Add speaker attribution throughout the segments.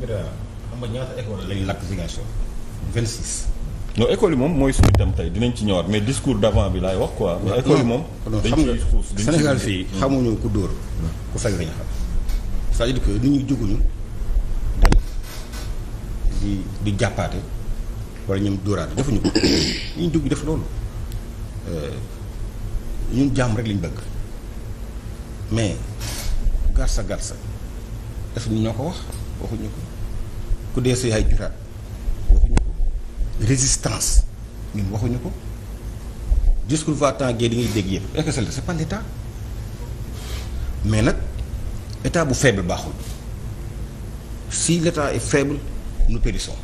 Speaker 1: Birara xam nga ñaata école lañ lakk Ziguinchor 26. école yi moom mooy suñu tey dinañ ci ñëwaat mais discours d'avant bi laay wax quoi. mais école yi moom. xam nga Sénégal fii xamuñu ku dóor ku fay lañ xam. cest à dem di jàppaate wala ñoom dóoraate defuñu ko nit ñi jóg def loolu euh, ñun jàmm rek lañ bëgg mais garsa garsa def ñoo ko wax. waxuñu ko ku dee sa yaay juraat waxuñu ko résistance ñun waxuñu ko discours va-t-en guerre yi ngay dégg yëpp est-ce que c'est pas l'État mais nag état bu faible baaxul si l'État est faible nous périssons.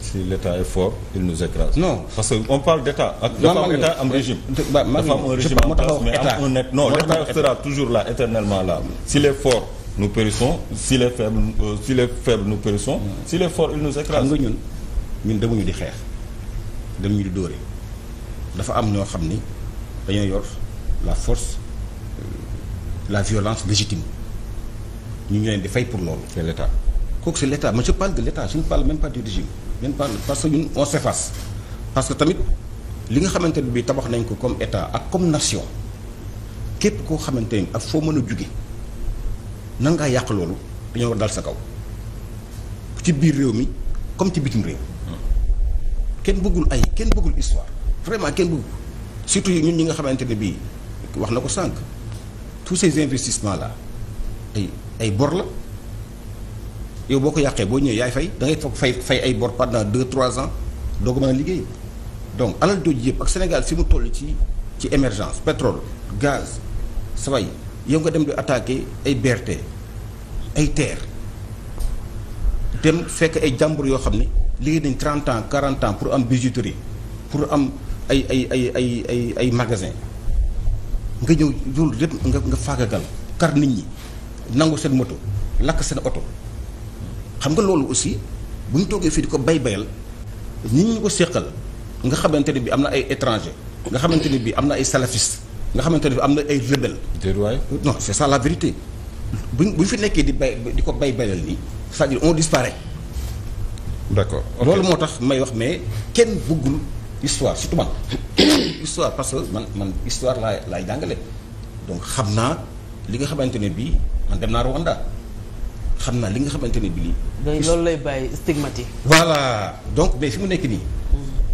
Speaker 1: si l'État est fort il nous écrase. non parce que on parle d'État ak dafa am État am euh, régime. am un régime en place mais am un net non l'État toujours la éternellement la s'il est fort. nous périssons si les faibles euh, si les faibles nous périssons. si les forts ils nous écrasent. xam nga ñun ñun demuñu di xeex demuñu di dóore dafa am ñoo xam ni dañoo yor la force euh, la violence légitime ñu ngi leen di fay pour loolu. c'est l'état kooku c'est l'état mais je parle de l'état je ne parle même pas du régime je ne parle parce que ñun on s'efface parce que tamit li nga xamante ne bii tabax nañ ko comme état ak comme nation képp koo xamante ni ak foo mën a juge nan nga yàq loolu dañoo war dal sa kaw ci biir réew mi comme ci bitim réew kenn bëggul ay kenn bëggul histoire vraiment kenn bëggul surtout ñun ñi nga xamante ne bii wax na ko sànq tous ces investissements là ay ay bor la yow boo ko yàqee boo ñëwee yaay fay da ngay foog fay fay ay bor pendant deux trois ans doo ko liggéey donc alal jooju yëpp ak Sénégal si mu toll ci ci émergence pétrole gaz saway yow nga dem di attaquer ay BRT ay TER dem fekk ay jàmbur yoo xam ne liggéey nañ 30 ans 40 ans pour am bijouterie pour am ay ay ay ay ay ay magasin nga ñëw loolu lépp nga nga faagagal kar nit ñi nangu seen moto lakk seen oto xam nga loolu aussi bu ñu toogee fii di ko bay bayal nit ñu ko séqal nga xamante ne bi am na ay étranger nga xamante ne bi am na ay salafiste nga xamante ne am na ay rebelle. déedwaay non c'est ça la vérité bu buñ fi nekkee di bay di ko bay bayal nii c'est-à-dire on disparaît. d'accord loolu moo tax may wax mais kenn bëggul histoire surtout man histoire parce que man man histoire laay laay jàngale donc xam naa li nga xamante ne bii man dem naa Rwanda xam naa li nga xamante ne bii. loolu lay bàyyi stigmate yi. donc mais fi mu nekk nii.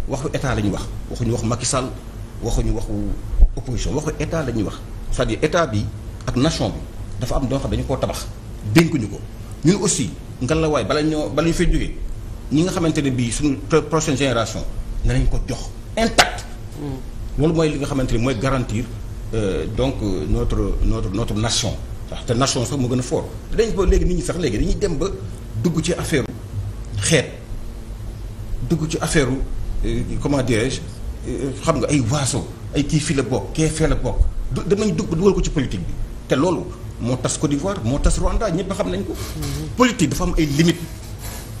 Speaker 1: waxu état la ñu wax waxuñu wax Macky Sall waxuñu waxu. opposition waxu état la ñuy wax cest dire état bi ak nation bi dafa am doo xam dañu koo tabax dénkuñu ko ñun aussi ngallaawaay bala ñoo bala ñu fay jógee ñi nga xamante ne bii suñu prochaine génération danañ ko jox intact. loolu mooy li nga xamante ne mooy garantir euh, donc notre notre notre nation. waaw te nation sax moo gën a fort dañ boo léegi nit ñi sax léegi dañuy dem ba dugg ci affaire xeet dugg ci affaire euh, comment dirais xam nga ay waaso ay kii fii la bokk kee fee la bokk danañ dugg dugal ko ci politique bi te loolu moo tas Côte d'Ivoire moo tas Rwanda ñëpp xam nañ ko. Mhm. politique dafa am ay limites.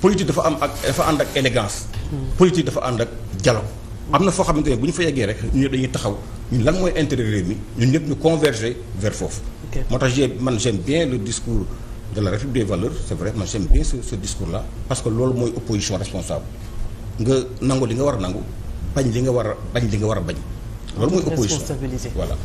Speaker 1: politique dafa am ak dafa ànd ak élégance. Mhm. politique dafa ànd ak dialogue. am na foo xamante ne bu ñu fa yeggee rek ñu taxaw lan mooy intérêt réew ñun ñëpp ñu converger vers foofu. moo man j'aime bien le de la République des valeurs c'est parce que loolu mooy opposition responsable nga nangu li nga war a nangu. bañ li nga war a bañ li nga war a bañ. loolu mooy opposition voilà.